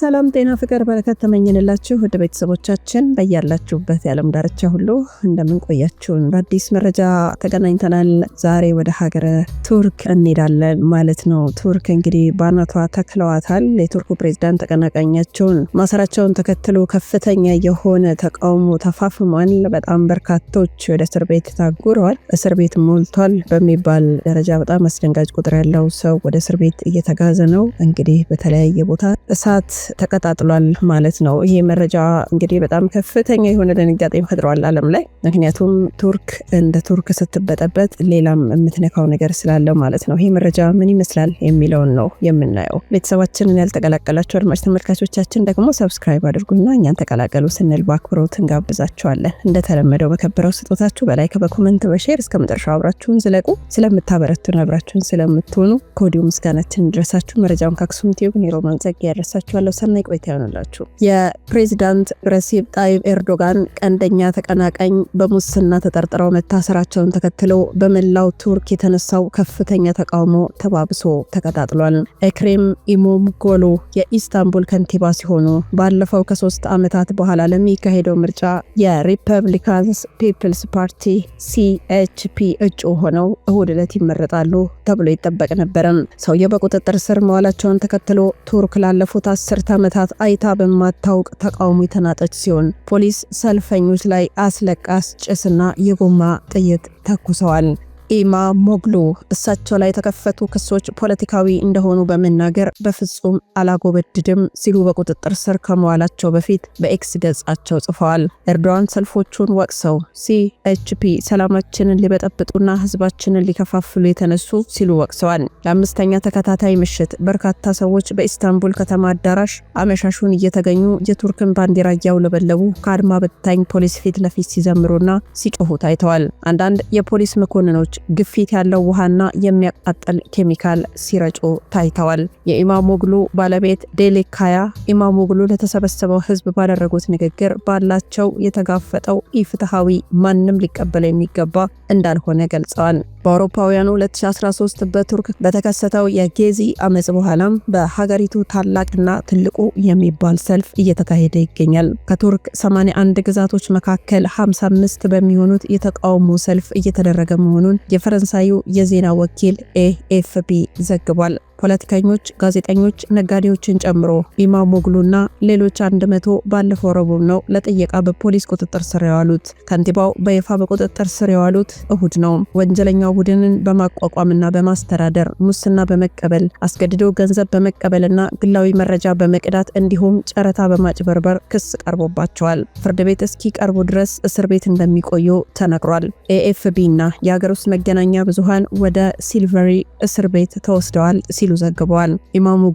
ሰላም ጤና ፍቅር በረከት ተመኝንላችሁ ወደ ቤተሰቦቻችን በያላችሁበት የዓለም ዳርቻ ሁሉ እንደምንቆያችሁን በአዲስ መረጃ ተገናኝተናል። ዛሬ ወደ ሀገረ ቱርክ እንሄዳለን ማለት ነው። ቱርክ እንግዲህ በአናቷ ተክለዋታል። የቱርኩ ፕሬዚዳንት ተቀናቃኛቸውን ማሰራቸውን ተከትሎ ከፍተኛ የሆነ ተቃውሞ ተፋፍሟል። በጣም በርካቶች ወደ እስር ቤት ታጉረዋል። እስር ቤት ሞልቷል በሚባል ደረጃ በጣም አስደንጋጭ ቁጥር ያለው ሰው ወደ እስር ቤት እየተጋዘ ነው። እንግዲህ በተለያየ ቦታ እሳት ተቀጣጥሏል ማለት ነው። ይሄ መረጃ እንግዲህ በጣም ከፍተኛ የሆነ ድንጋጤ ፈጥሯል ዓለም ላይ ምክንያቱም ቱርክ እንደ ቱርክ ስትበጠበት ሌላም የምትነካው ነገር ስላለ ማለት ነው። ይህ መረጃ ምን ይመስላል የሚለውን ነው የምናየው። ቤተሰባችንን ያልተቀላቀላቸው አድማጭ ተመልካቾቻችን ደግሞ ሰብስክራይብ አድርጉና እኛን ተቀላቀሉ ስንል በአክብሮት እንጋብዛችኋለን። እንደተለመደው በከበረው ስጦታችሁ በላይክ በኮመንት በሼር እስከ መጨረሻው አብራችሁን ዝለቁ። ስለምታበረቱን አብራችሁን ስለምትሆኑ ከወዲሁ ምስጋናችን ድረሳችሁ። መረጃውን ከአክሱም ቲዩብ ኒሮ መንጸግ ያደረሳችኋለሁ። ሰናይ ቆይታ ይሆንላችሁ። የፕሬዚዳንት ረሲብ ጣይብ ኤርዶጋን ቀንደኛ ተቀናቃኝ በሙስና ተጠርጥረው መታሰራቸውን ተከትሎ በመላው ቱርክ የተነሳው ከፍተኛ ተቃውሞ ተባብሶ ተቀጣጥሏል። ኤክሬም ኢሞም የኢስታንቡል ከንቲባ ሲሆኑ ባለፈው ከሶስት ዓመታት በኋላ ለሚካሄደው ምርጫ የሪፐብሊካንስ ፒፕልስ ፓርቲ ሲኤችፒ እጩ ሆነው እሁድ ዕለት ይመረጣሉ ተብሎ ይጠበቅ ነበረም። ሰውየው በቁጥጥር ስር መዋላቸውን ተከትሎ ቱርክ ላለፉት አስርት ሁለት ዓመታት አይታ በማታውቅ ተቃውሞ የተናጠች ሲሆን ፖሊስ ሰልፈኞች ላይ አስለቃስ ጭስና የጎማ ጥይት ተኩሰዋል። ኢማ ሞግሉ እሳቸው ላይ የተከፈቱ ክሶች ፖለቲካዊ እንደሆኑ በመናገር በፍጹም አላጎበድድም ሲሉ በቁጥጥር ስር ከመዋላቸው በፊት በኤክስ ገጻቸው ጽፈዋል። ኤርዶዋን ሰልፎቹን ወቅሰው ሲኤችፒ ሰላማችንን ሊበጠብጡና ህዝባችንን ሊከፋፍሉ የተነሱ ሲሉ ወቅሰዋል። ለአምስተኛ ተከታታይ ምሽት በርካታ ሰዎች በኢስታንቡል ከተማ አዳራሽ አመሻሹን እየተገኙ የቱርክን ባንዲራ እያውለበለቡ ከአድማ በታኝ ፖሊስ ፊት ለፊት ሲዘምሩና ሲጮሁ ታይተዋል። አንዳንድ የፖሊስ መኮንኖች ግፊት ያለው ውሃና የሚያቃጠል ኬሚካል ሲረጩ ታይተዋል። የኢማሞግሉ ባለቤት ዴሌካያ ካያ ኢማሞግሉ ለተሰበሰበው ህዝብ ባደረጉት ንግግር ባላቸው የተጋፈጠው ኢፍትሐዊ ማንም ሊቀበለው የሚገባ እንዳልሆነ ገልጸዋል። በአውሮፓውያኑ 2013 በቱርክ በተከሰተው የጌዚ አመፅ በኋላም በሀገሪቱ ታላቅና ትልቁ የሚባል ሰልፍ እየተካሄደ ይገኛል። ከቱርክ 81 ግዛቶች መካከል 55 በሚሆኑት የተቃውሞ ሰልፍ እየተደረገ መሆኑን የፈረንሳዩ የዜና ወኪል ኤኤፍፒ ዘግቧል። ፖለቲከኞች፣ ጋዜጠኞች፣ ነጋዴዎችን ጨምሮ ኢማሞግሉና ሌሎች አንድ መቶ ባለፈው ረቡዕ ነው ለጥየቃ በፖሊስ ቁጥጥር ስር የዋሉት። ከንቲባው በይፋ በቁጥጥር ስር የዋሉት እሁድ ነው። ወንጀለኛው ቡድንን በማቋቋምና በማስተዳደር ሙስና በመቀበል አስገድዶ ገንዘብ በመቀበልና ግላዊ መረጃ በመቅዳት እንዲሁም ጨረታ በማጭበርበር ክስ ቀርቦባቸዋል። ፍርድ ቤት እስኪቀርቡ ድረስ እስር ቤት እንደሚቆዩ ተነግሯል። ኤኤፍቢ እና የሀገር ውስጥ መገናኛ ብዙሃን ወደ ሲልቨሪ እስር ቤት ተወስደዋል ሲሉ ዘግበዋል።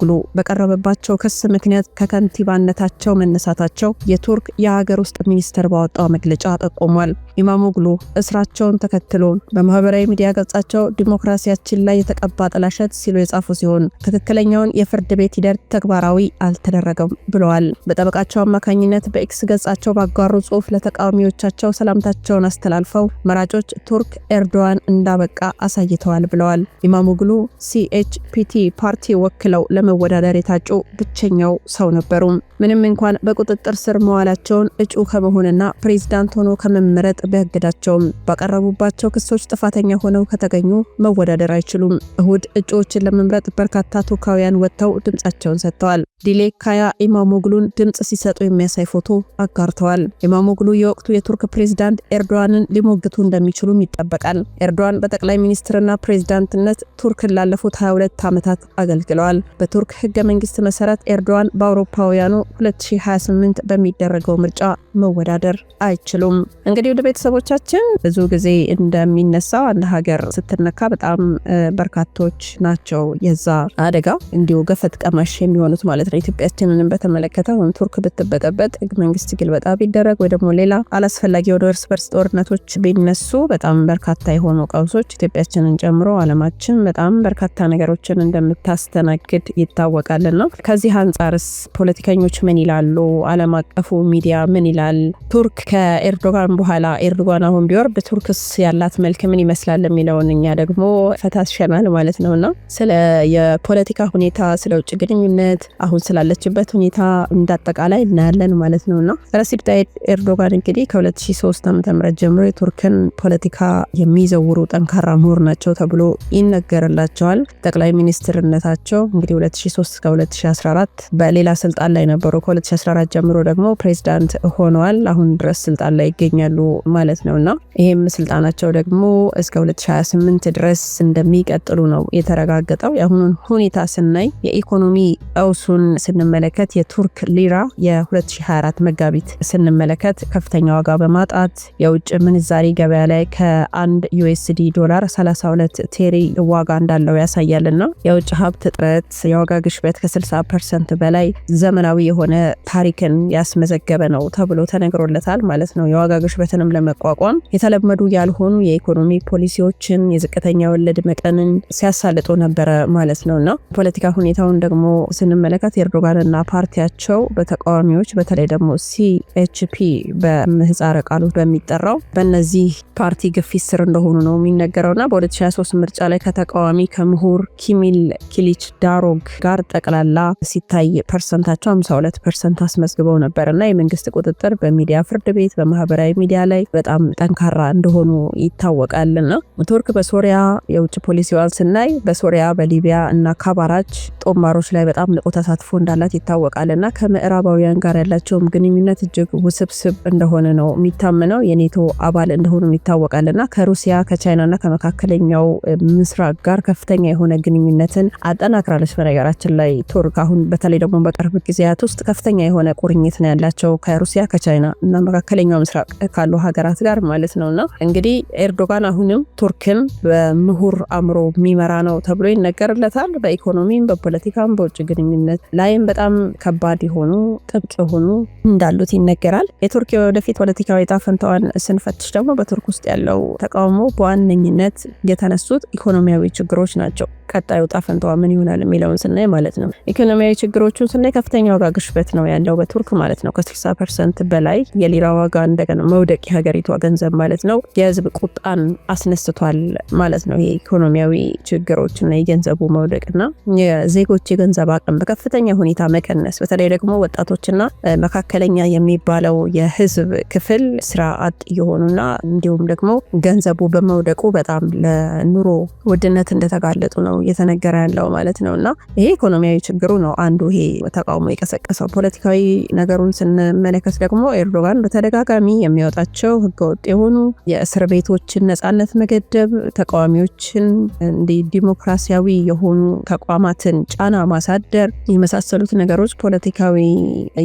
ግሉ በቀረበባቸው ክስ ምክንያት ከከንቲባነታቸው መነሳታቸው የቱርክ የሀገር ውስጥ ሚኒስቴር ባወጣው መግለጫ ጠቁሟል። ኢማሞግሉ እስራቸውን ተከትሎ በማህበራዊ ሚዲያ ገጻቸው ዲሞክራሲያችን ላይ የተቀባ ጥላሸት ሲሉ የጻፉ ሲሆን ትክክለኛውን የፍርድ ቤት ሂደት ተግባራዊ አልተደረገም ብለዋል። በጠበቃቸው አማካኝነት በኤክስ ገጻቸው ባጋሩ ጽሁፍ ለተቃዋሚዎቻቸው ሰላምታቸውን አስተላልፈው መራጮች ቱርክ ኤርዶዋን እንዳበቃ አሳይተዋል ብለዋል። ኢማሙግሉ ሲኤችፒቲ ፓርቲ ወክለው ለመወዳደር የታጩ ብቸኛው ሰው ነበሩ። ምንም እንኳን በቁጥጥር ስር መዋላቸውን እጩ ከመሆንና ፕሬዝዳንት ሆኖ ከመመረጥ ቢያግዳቸውም ባቀረቡባቸው ክሶች ጥፋተኛ ሆነው ከተገኙ መወዳደር አይችሉም። እሁድ እጩዎችን ለመምረጥ በርካታ ቱርካውያን ወጥተው ድምጻቸውን ሰጥተዋል። ዲሌካያ ኢማሞግሉን ድምፅ ሲሰጡ የሚያሳይ ፎቶ አጋርተዋል። ኢማሞግሉ የወቅቱ የቱርክ ፕሬዝዳንት ኤርዶዋንን ሊሞግቱ እንደሚችሉም ይጠበቃል። ኤርዶዋን በጠቅላይ ሚኒስትርና ፕሬዝዳንትነት ቱርክን ላለፉት 22 ዓመታት አገልግለዋል። በቱርክ ህገ መንግስት መሰረት ኤርዶዋን በአውሮፓውያኑ 2028 በሚደረገው ምርጫ መወዳደር አይችሉም። እንግዲህ ወደ ቤተሰቦቻችን ብዙ ጊዜ እንደሚነሳው አንድ ሀገር ስትነካ በጣም በርካቶች ናቸው የዛ አደጋ እንዲሁ ገፈት ቀማሽ የሚሆኑት ማለት ነው። ኢትዮጵያችንንም በተመለከተ ወይም ቱርክ ብትበጠበጥ ህግ መንግስት ግልበጣ ቢደረግ ወይ ደግሞ ሌላ አላስፈላጊ ወደ እርስ በርስ ጦርነቶች ቢነሱ በጣም በርካታ የሆኑ ቀውሶች ኢትዮጵያችንን ጨምሮ አለማችን በጣም በርካታ ነገሮችን እንደምታስተናግድ ይታወቃልና ከዚህ አንጻርስ ፖለቲከኞች ምን ይላሉ? አለም አቀፉ ሚዲያ ምን ይላል? ቱርክ ከኤርዶጋን በኋላ ኤርዶጋን አሁን ቢወርድ ቱርክስ ያላት መልክ ምን ይመስላል? የሚለውን እኛ ደግሞ ፈታትሸናል ማለት ነውና ስለ የፖለቲካ ሁኔታ ስለ ውጭ ግንኙነት አሁን ስላለችበት ሁኔታ እንዳጠቃላይ እናያለን ማለት ነው ና። ረሲፕ ታይፕ ኤርዶጋን እንግዲህ ከ2003 ዓ ም ጀምሮ የቱርክን ፖለቲካ የሚዘውሩ ጠንካራ ምሁር ናቸው ተብሎ ይነገርላቸዋል። ጠቅላይ ሚኒስትርነታቸው እንግዲህ 2003 ከ2014 በሌላ ስልጣን ላይ ነበሩ። ከ2014 ጀምሮ ደግሞ ፕሬዚዳንት ሆነዋል። አሁን ድረስ ስልጣን ላይ ይገኛሉ ማለት ነውና ይህም ስልጣናቸው ደግሞ እስከ 2028 ድረስ እንደሚቀጥሉ ነው የተረጋገጠው። የአሁኑን ሁኔታ ስናይ የኢኮኖሚ ቀውሱን ስንመለከት የቱርክ ሊራ የ2024 መጋቢት ስንመለከት ከፍተኛ ዋጋ በማጣት የውጭ ምንዛሬ ገበያ ላይ ከአንድ ዩኤስዲ ዶላር 32 ቴሪ ዋጋ እንዳለው ያሳያልና የውጭ ሀብት እጥረት፣ የዋጋ ግሽበት ከ60 ፐርሰንት በላይ ዘመናዊ የሆነ ታሪክን ያስመዘገበ ነው ተብሎ ተነግሮለታል ማለት ነው። የዋጋ ግሽበትንም ለመቋቋም የተለመዱ ያልሆኑ የኢኮኖሚ ፖሊሲዎችን የዝቅተኛ ወለድ መጠንን ሲያሳልጡ ነበረ ማለት ነው እና ፖለቲካ ሁኔታውን ደግሞ ስንመለከት መንግስታት ኤርዶጋንና ፓርቲያቸው በተቃዋሚዎች በተለይ ደግሞ ሲኤችፒ በምህፃረ ቃሉ በሚጠራው በእነዚህ ፓርቲ ግፊት ስር እንደሆኑ ነው የሚነገረውና በ2023 ምርጫ ላይ ከተቃዋሚ ከምሁር ኪሚል ኪሊች ዳሮግ ጋር ጠቅላላ ሲታይ ፐርሰንታቸው 52 ፐርሰንት አስመዝግበው ነበር እና የመንግስት ቁጥጥር በሚዲያ ፍርድ ቤት በማህበራዊ ሚዲያ ላይ በጣም ጠንካራ እንደሆኑ ና ቱርክ በሶሪያ የውጭ ፖሊሲዋን ስናይ በሶሪያ በሊቢያ እና ካባራች ጦማሮች ላይ በጣም ንቁ ተሳትፎ ተሳትፎ እንዳላት ይታወቃል እና ከምዕራባውያን ጋር ያላቸውም ግንኙነት እጅግ ውስብስብ እንደሆነ ነው የሚታመነው። የኔቶ አባል እንደሆኑ ይታወቃል እና ከሩሲያ ከቻይናና ከመካከለኛው ምስራቅ ጋር ከፍተኛ የሆነ ግንኙነትን አጠናክራለች። በነገራችን ላይ ቱርክ አሁን በተለይ ደግሞ በቅርብ ጊዜያት ውስጥ ከፍተኛ የሆነ ቁርኝት ነው ያላቸው ከሩሲያ ከቻይና እና መካከለኛው ምስራቅ ካሉ ሀገራት ጋር ማለት ነው እና እንግዲህ ኤርዶጋን አሁንም ቱርክን በምሁር አእምሮ የሚመራ ነው ተብሎ ይነገርለታል። በኢኮኖሚም በፖለቲካም በውጭ ግንኙነት ላይም በጣም ከባድ የሆኑ ጥብቅ የሆኑ እንዳሉት ይነገራል። የቱርክ ወደፊት ፖለቲካዊ ዕጣ ፈንታዋን ስንፈትሽ ደግሞ በቱርክ ውስጥ ያለው ተቃውሞ በዋነኝነት የተነሱት ኢኮኖሚያዊ ችግሮች ናቸው። ቀጣዩ ዕጣ ምን ይሆናል የሚለውን ስናይ ማለት ነው ኢኮኖሚያዊ ችግሮቹን ስናይ ከፍተኛ ዋጋ ግሽበት ነው ያለው በቱርክ ማለት ነው። ከ60 ፐርሰንት በላይ የሊራ ዋጋ እንደገና መውደቅ የሀገሪቷ ገንዘብ ማለት ነው የህዝብ ቁጣን አስነስቷል ማለት ነው። የኢኮኖሚያዊ ችግሮችና የገንዘቡ መውደቅና የዜጎች የገንዘብ አቅም በከፍተኛ ሁኔታ መቀነስ፣ በተለይ ደግሞ ወጣቶችና መካከለኛ የሚባለው የህዝብ ክፍል ስራ አጥ የሆኑና እንዲሁም ደግሞ ገንዘቡ በመውደቁ በጣም ለኑሮ ውድነት እንደተጋለጡ ነው እየተነገረ ያለው ማለት ነው። እና ይሄ ኢኮኖሚያዊ ችግሩ ነው አንዱ ይሄ ተቃውሞ የቀሰቀሰው። ፖለቲካዊ ነገሩን ስንመለከት ደግሞ ኤርዶጋን በተደጋጋሚ የሚያወጣቸው ህገወጥ የሆኑ የእስር ቤቶችን ነጻነት መገደብ፣ ተቃዋሚዎችን እንዲ ዲሞክራሲያዊ የሆኑ ተቋማትን ጫና ማሳደር የመሳሰሉት ነገሮች ፖለቲካዊ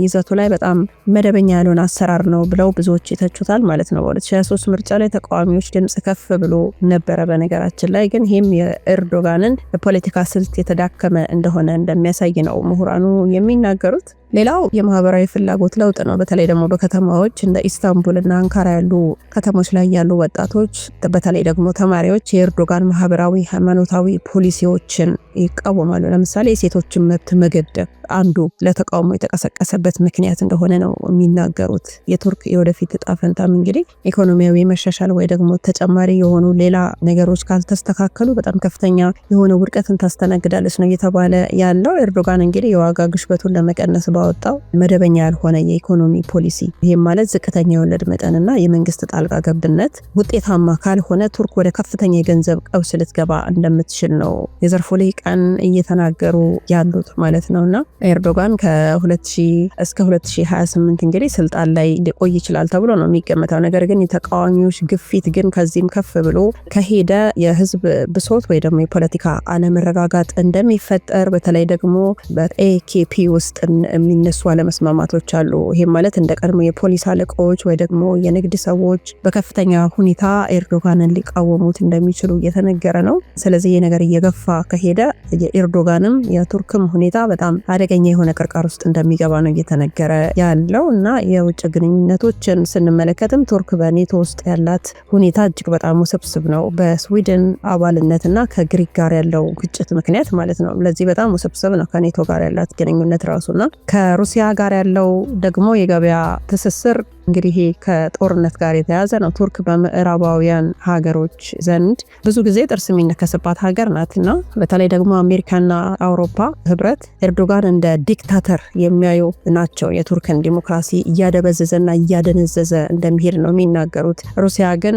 ይዘቱ ላይ በጣም መደበኛ ያለውን አሰራር ነው ብለው ብዙዎች ይተቹታል ማለት ነው። በ2023 ምርጫ ላይ ተቃዋሚዎች ድምፅ ከፍ ብሎ ነበረ። በነገራችን ላይ ግን ይህም የኤርዶጋንን በፖለቲካ ስልት የተዳከመ እንደሆነ እንደሚያሳይ ነው ምሁራኑ የሚናገሩት። ሌላው የማህበራዊ ፍላጎት ለውጥ ነው። በተለይ ደግሞ በከተማዎች እንደ ኢስታንቡል እና አንካራ ያሉ ከተሞች ላይ ያሉ ወጣቶች በተለይ ደግሞ ተማሪዎች የኤርዶጋን ማህበራዊ፣ ሃይማኖታዊ ፖሊሲዎችን ይቃወማሉ። ለምሳሌ የሴቶችን መብት መገደብ አንዱ ለተቃውሞ የተቀሰቀሰበት ምክንያት እንደሆነ ነው የሚናገሩት። የቱርክ የወደፊት እጣ ፈንታም እንግዲህ ኢኮኖሚያዊ መሻሻል ወይ ደግሞ ተጨማሪ የሆኑ ሌላ ነገሮች ካልተስተካከሉ በጣም ከፍተኛ የሆነ ውድቀትን ታስተናግዳለች ነው እየተባለ ያለው። ኤርዶጋን እንግዲህ የዋጋ ግሽበቱን ለመቀነስ ባወጣው መደበኛ ያልሆነ የኢኮኖሚ ፖሊሲ ይህም ማለት ዝቅተኛ የወለድ መጠንና የመንግስት ጣልቃ ገብነት ውጤታማ ካልሆነ ቱርክ ወደ ከፍተኛ የገንዘብ ቀውስ ልትገባ እንደምትችል ነው የዘርፉ ልሂቃን እየተናገሩ ያሉት ማለት ነው። እና ኤርዶጋን ከ2000 እስከ 2028 እንግዲህ ስልጣን ላይ ሊቆይ ይችላል ተብሎ ነው የሚገመተው። ነገር ግን የተቃዋሚዎች ግፊት ግን ከዚህም ከፍ ብሎ ከሄደ የህዝብ ብሶት ወይ ደግሞ የፖለቲካ አለመረጋጋት እንደሚፈጠር በተለይ ደግሞ በኤኬፒ ውስጥ የሚነሱ አለመስማማቶች አሉ። ይህም ማለት እንደ ቀድሞ የፖሊስ አለቃዎች ወይ ደግሞ የንግድ ሰዎች በከፍተኛ ሁኔታ ኤርዶጋንን ሊቃወሙት እንደሚችሉ እየተነገረ ነው። ስለዚህ ይህ ነገር እየገፋ ከሄደ የኤርዶጋንም የቱርክም ሁኔታ በጣም አደገኛ የሆነ ቅርቃር ውስጥ እንደሚገባ ነው እየተነገረ ያለው እና የውጭ ግንኙነቶችን ስንመለከትም ቱርክ በኔቶ ውስጥ ያላት ሁኔታ እጅግ በጣም ውስብስብ ነው። በስዊድን አባልነትና ከግሪክ ጋር ያለው ግጭት ምክንያት ማለት ነው። ለዚህ በጣም ውስብስብ ነው ከኔቶ ጋር ያላት ግንኙነት ራሱና ከሩሲያ ጋር ያለው ደግሞ የገበያ ትስስር እንግዲህ ከጦርነት ጋር የተያዘ ነው። ቱርክ በምዕራባውያን ሀገሮች ዘንድ ብዙ ጊዜ ጥርስ የሚነከስባት ሀገር ናት በተለይ ደግሞ አሜሪካና አውሮፓ ህብረት ኤርዶጋን እንደ ዲክታተር የሚያዩ ናቸው። የቱርክን ዲሞክራሲ እያደበዘዘና እያደነዘዘ እንደሚሄድ ነው የሚናገሩት። ሩሲያ ግን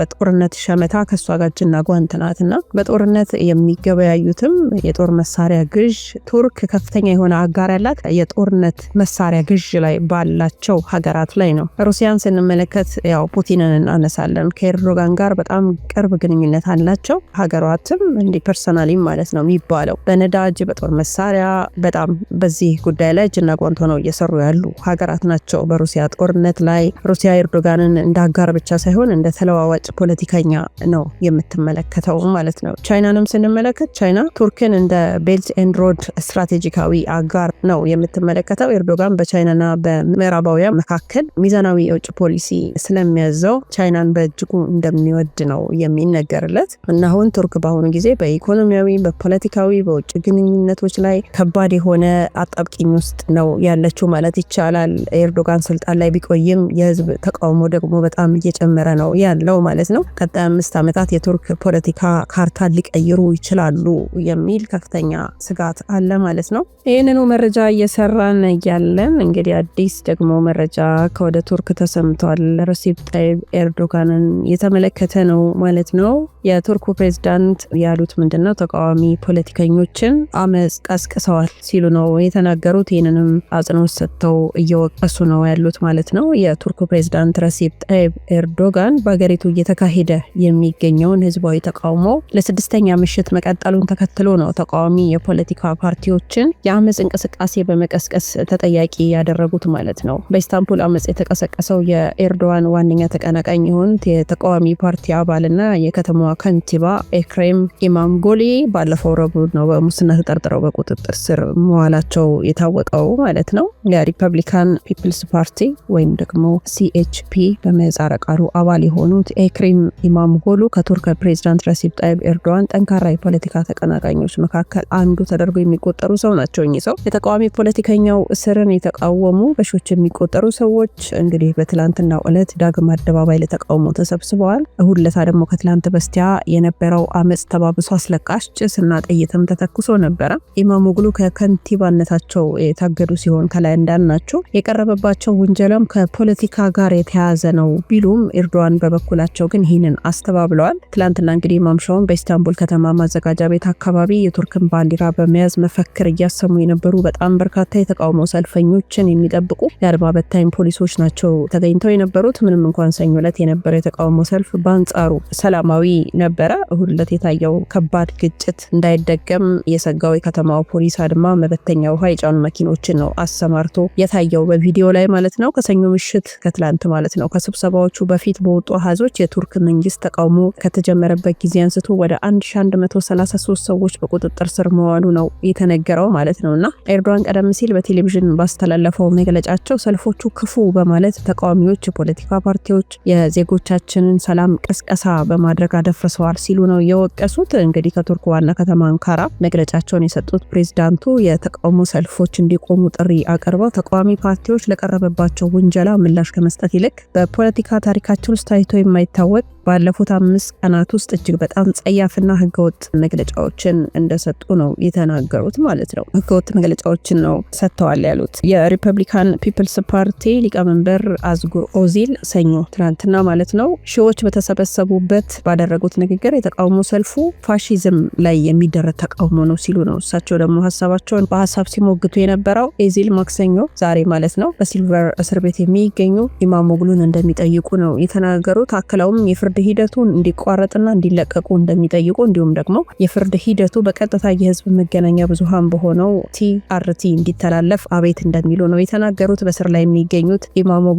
በጦርነት ሸመታ ከእሷ ጋር እጅና ጓንት ናት በጦርነት የሚገበያዩትም የጦር መሳሪያ ግዥ ቱርክ ከፍተኛ የሆነ አጋር ያላት የጦርነት መሳሪያ ግዥ ላይ ባላቸው ሀገራት ላይ ነው። ሩሲያን ስንመለከት ያው ፑቲንን እናነሳለን። ከኤርዶጋን ጋር በጣም ቅርብ ግንኙነት አላቸው ሀገራትም እንዲህ ፐርሰናሊም ማለት ነው የሚባለው በነዳጅ በጦር መሳሪያ በጣም በዚህ ጉዳይ ላይ እጅና ጓንት ነው እየሰሩ ያሉ ሀገራት ናቸው። በሩሲያ ጦርነት ላይ ሩሲያ ኤርዶጋንን እንደ አጋር ብቻ ሳይሆን እንደ ተለዋዋጭ ፖለቲከኛ ነው የምትመለከተው ማለት ነው። ቻይናንም ስንመለከት ቻይና ቱርክን እንደ ቤልት ኤንድ ሮድ ስትራቴጂካዊ አጋር ነው የምትመለ የሚመለከተው ኤርዶጋን በቻይናና በምዕራባውያን መካከል ሚዛናዊ የውጭ ፖሊሲ ስለሚያዘው ቻይናን በእጅጉ እንደሚወድ ነው የሚነገርለት እና አሁን ቱርክ በአሁኑ ጊዜ በኢኮኖሚያዊ፣ በፖለቲካዊ፣ በውጭ ግንኙነቶች ላይ ከባድ የሆነ አጣብቂኝ ውስጥ ነው ያለችው ማለት ይቻላል። ኤርዶጋን ስልጣን ላይ ቢቆይም የህዝብ ተቃውሞ ደግሞ በጣም እየጨመረ ነው ያለው ማለት ነው። ቀጣይ አምስት ዓመታት የቱርክ ፖለቲካ ካርታ ሊቀይሩ ይችላሉ የሚል ከፍተኛ ስጋት አለ ማለት ነው። ይህንኑ መረጃ እየሰራ አልባን እያለን እንግዲህ አዲስ ደግሞ መረጃ ከወደ ቱርክ ተሰምቷል። ረሲፕ ጣይብ ኤርዶጋንን የተመለከተ ነው ማለት ነው። የቱርኩ ፕሬዝዳንት ያሉት ምንድን ነው? ተቃዋሚ ፖለቲከኞችን አመፅ ቀስቅሰዋል ሲሉ ነው የተናገሩት። ይህንንም አጽንኦት ሰጥተው እየወቀሱ ነው ያሉት ማለት ነው። የቱርኩ ፕሬዝዳንት ረሲፕ ጣይብ ኤርዶጋን በሀገሪቱ እየተካሄደ የሚገኘውን ህዝባዊ ተቃውሞ ለስድስተኛ ምሽት መቀጠሉን ተከትሎ ነው ተቃዋሚ የፖለቲካ ፓርቲዎችን የአመፅ እንቅስቃሴ በመቀስቀ በመቀስቀስ ተጠያቂ ያደረጉት ማለት ነው። በኢስታንቡል አመፅ የተቀሰቀሰው የኤርዶዋን ዋነኛ ተቀናቃኝ የሆኑት የተቃዋሚ ፓርቲ አባልና የከተማዋ ከንቲባ ኤክሬም ኢማምጎሊ ባለፈው ረቡዕ ነው በሙስና ተጠርጥረው በቁጥጥር ስር መዋላቸው የታወቀው ማለት ነው። የሪፐብሊካን ፒፕልስ ፓርቲ ወይም ደግሞ ሲኤችፒ በምህጻረ ቃሉ አባል የሆኑት ኤክሬም ኢማምጎሉ ከቱርክ ፕሬዚዳንት ረሲብ ጣይብ ኤርዶዋን ጠንካራ የፖለቲካ ተቀናቃኞች መካከል አንዱ ተደርጎ የሚቆጠሩ ሰው ናቸው። እኚህ ሰው የተቃዋሚ ፖለቲከኛ የአብዮተኛው እስርን የተቃወሙ በሺዎች የሚቆጠሩ ሰዎች እንግዲህ በትላንትናው ዕለት ዳግም አደባባይ ለተቃውሞ ተሰብስበዋል። እሁድ ደግሞ ከትላንት በስቲያ የነበረው አመፅ ተባብሶ አስለቃሽ ጭስና ጥይትም ተተኩሶ ነበረ። ኢማሞግሉ ከከንቲባነታቸው የታገዱ ሲሆን ከላይ እንዳልናቸው የቀረበባቸው ውንጀላም ከፖለቲካ ጋር የተያያዘ ነው ቢሉም ኤርዶዋን በበኩላቸው ግን ይህንን አስተባብለዋል። ትላንትና እንግዲህ ማምሻውን በኢስታንቡል ከተማ ማዘጋጃ ቤት አካባቢ የቱርክን ባንዲራ በመያዝ መፈክር እያሰሙ የነበሩ በጣም በርካታ የተቃውሞ ሰልፈኞችን የሚጠብቁ የአድማ በታኝ ፖሊሶች ናቸው ተገኝተው የነበሩት። ምንም እንኳን ሰኞ ዕለት የነበረው የተቃውሞ ሰልፍ በአንጻሩ ሰላማዊ ነበረ፣ እሁድ ዕለት የታየው ከባድ ግጭት እንዳይደገም የሰጋው የከተማው ፖሊስ አድማ መበተኛ ውሃ የጫኑ መኪኖችን ነው አሰማርቶ የታየው በቪዲዮ ላይ ማለት ነው። ከሰኞ ምሽት ከትላንት ማለት ነው ከስብሰባዎቹ በፊት በወጡ አሃዞች የቱርክ መንግስት ተቃውሞ ከተጀመረበት ጊዜ አንስቶ ወደ 1133 ሰዎች በቁጥጥር ስር መዋሉ ነው የተነገረው ማለት ነው እና ኤርዶዋን ቀደም ሲል በቴሌቪዥን ባስተላለፈው መግለጫቸው ሰልፎቹ ክፉ በማለት ተቃዋሚዎች የፖለቲካ ፓርቲዎች የዜጎቻችንን ሰላም ቀስቀሳ በማድረግ አደፍርሰዋል ሲሉ ነው የወቀሱት። እንግዲህ ከቱርክ ዋና ከተማ አንካራ መግለጫቸውን የሰጡት ፕሬዚዳንቱ የተቃውሞ ሰልፎች እንዲቆሙ ጥሪ አቅርበው ተቃዋሚ ፓርቲዎች ለቀረበባቸው ውንጀላ ምላሽ ከመስጠት ይልቅ በፖለቲካ ታሪካችን ውስጥ ታይቶ የማይታወቅ ባለፉት አምስት ቀናት ውስጥ እጅግ በጣም ጸያፍና ህገወጥ መግለጫዎችን እንደሰጡ ነው የተናገሩት ማለት ነው። ህገወጥ መግለጫዎችን ነው ሰጥተዋል ያሉት የሪፐብሊካን ፒፕልስ ፓርቲ ሊቀመንበር አዝጉር ኦዚል ሰኞ ትናንትና ማለት ነው ሺዎች በተሰበሰቡበት ባደረጉት ንግግር የተቃውሞ ሰልፉ ፋሺዝም ላይ የሚደረግ ተቃውሞ ነው ሲሉ ነው እሳቸው ደግሞ ሀሳባቸውን በሀሳብ ሲሞግቱ የነበረው ኤዚል ማክሰኞ ዛሬ ማለት ነው በሲልቨር እስር ቤት የሚገኙ ኢማሞግሉን እንደሚጠይቁ ነው የተናገሩት። አክለውም የፍርድ የፍርድ ሂደቱ እንዲቋረጥና እንዲለቀቁ እንደሚጠይቁ እንዲሁም ደግሞ የፍርድ ሂደቱ በቀጥታ የህዝብ መገናኛ ብዙሃን በሆነው ቲአርቲ እንዲተላለፍ አቤት እንደሚሉ ነው የተናገሩት። በስር ላይ የሚገኙት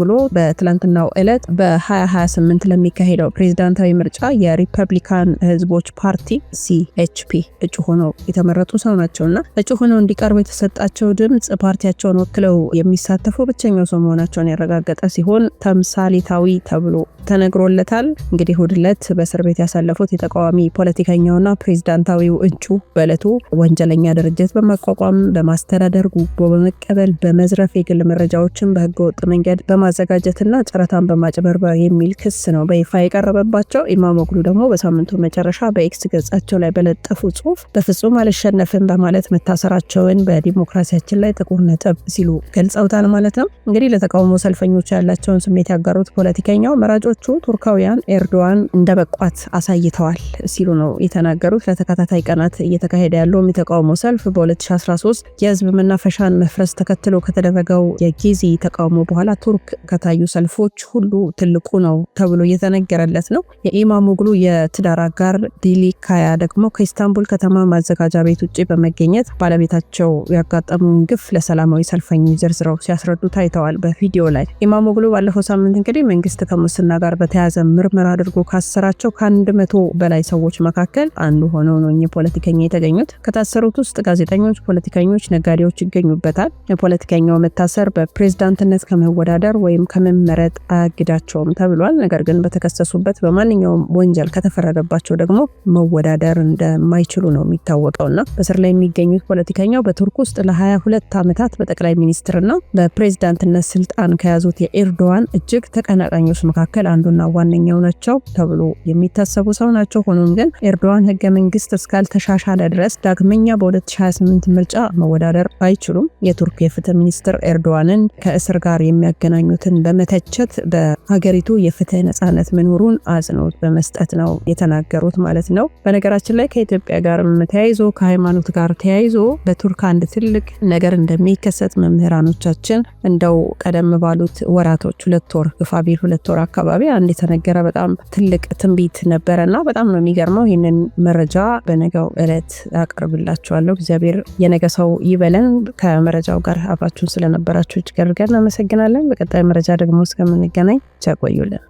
ብሎ በትላንትናው ዕለት በ2028 ለሚካሄደው ፕሬዚዳንታዊ ምርጫ የሪፐብሊካን ህዝቦች ፓርቲ ሲኤችፒ እጩ ሆነው የተመረጡ ሰው ናቸውና እጩ ሆነው እንዲቀርቡ የተሰጣቸው ድምፅ ፓርቲያቸውን ወክለው የሚሳተፉ ብቸኛው ሰው መሆናቸውን ያረጋገጠ ሲሆን ተምሳሌታዊ ተብሎ ተነግሮለታል። እንግዲህ እሁድ ዕለት በእስር ቤት ያሳለፉት የተቃዋሚ ፖለቲከኛውና ፕሬዚዳንታዊው እጩ በለቱ ወንጀለኛ ድርጅት በማቋቋም በማስተዳደር ጉቦ በመቀበል በመዝረፍ የግል መረጃዎችን በህገወጥ መንገድ በማዘጋጀትና ጨረታን በማጭበርበር የሚል ክስ ነው በይፋ የቀረበባቸው። ኢማሞግሉ ደግሞ በሳምንቱ መጨረሻ በኤክስ ገጻቸው ላይ በለጠፉ ጽሁፍ በፍጹም አልሸነፍም በማለት መታሰራቸውን በዲሞክራሲያችን ላይ ጥቁር ነጥብ ሲሉ ገልጸውታል ማለት ነው። እንግዲህ ለተቃውሞ ሰልፈኞች ያላቸውን ስሜት ያጋሩት ፖለቲከኛው መራጮቹ ቱርካውያን ኤርዶ ኤርዶዋን እንደ በቋት አሳይተዋል ሲሉ ነው የተናገሩት። ለተከታታይ ቀናት እየተካሄደ ያለውም የተቃውሞ ሰልፍ በ2013 የህዝብ መናፈሻን መፍረስ ተከትሎ ከተደረገው የጊዜ ተቃውሞ በኋላ ቱርክ ከታዩ ሰልፎች ሁሉ ትልቁ ነው ተብሎ እየተነገረለት ነው። የኢማሞግሉ የትዳር አጋር ዲሊካያ ደግሞ ከኢስታንቡል ከተማ ማዘጋጃ ቤት ውጭ በመገኘት ባለቤታቸው ያጋጠመውን ግፍ ለሰላማዊ ሰልፈኞች ዘርዝረው ሲያስረዱ ታይተዋል በቪዲዮ ላይ። ኢማሞግሉ ባለፈው ሳምንት እንግዲህ መንግስት ከሙስና ጋር በተያያዘ ምርመራ አድርጎ ካሰራቸው ከአንድ መቶ በላይ ሰዎች መካከል አንዱ ሆነው ነው እኚህ ፖለቲከኛ የተገኙት። ከታሰሩት ውስጥ ጋዜጠኞች፣ ፖለቲከኞች፣ ነጋዴዎች ይገኙበታል። የፖለቲከኛው መታሰር በፕሬዝዳንትነት ከመወዳደር ወይም ከመመረጥ አያግዳቸውም ተብሏል። ነገር ግን በተከሰሱበት በማንኛውም ወንጀል ከተፈረደባቸው ደግሞ መወዳደር እንደማይችሉ ነው የሚታወቀው የሚታወቀውና በስር ላይ የሚገኙት ፖለቲከኛው በቱርክ ውስጥ ለ22 ዓመታት በጠቅላይ ሚኒስትርና በፕሬዝዳንትነት ስልጣን ከያዙት የኤርዶዋን እጅግ ተቀናቃኞች መካከል አንዱና ዋነኛው ናቸው። ናቸው ተብሎ የሚታሰቡ ሰው ናቸው። ሆኖም ግን ኤርዶዋን ህገ መንግስት እስካልተሻሻለ ድረስ ዳግመኛ በ2028 ምርጫ መወዳደር አይችሉም። የቱርክ የፍትህ ሚኒስትር ኤርዶዋንን ከእስር ጋር የሚያገናኙትን በመተቸት በሀገሪቱ የፍትህ ነጻነት መኖሩን አጽንኦት በመስጠት ነው የተናገሩት ማለት ነው። በነገራችን ላይ ከኢትዮጵያ ጋር ተያይዞ ከሃይማኖት ጋር ተያይዞ በቱርክ አንድ ትልቅ ነገር እንደሚከሰት መምህራኖቻችን እንደው ቀደም ባሉት ወራቶች ሁለት ወር ግፋ ሁለት ወር አካባቢ አንድ የተነገረ በጣም ትልቅ ትንቢት ነበረ እና በጣም ነው የሚገርመው። ይህንን መረጃ በነገው እለት አቀርብላችኋለሁ። እግዚአብሔር የነገ ሰው ይበለን። ከመረጃው ጋር አብራችሁን ስለነበራችሁ እጅግ አድርገን እናመሰግናለን። በቀጣይ መረጃ ደግሞ እስከምንገናኝ ቸር ቆዩልን።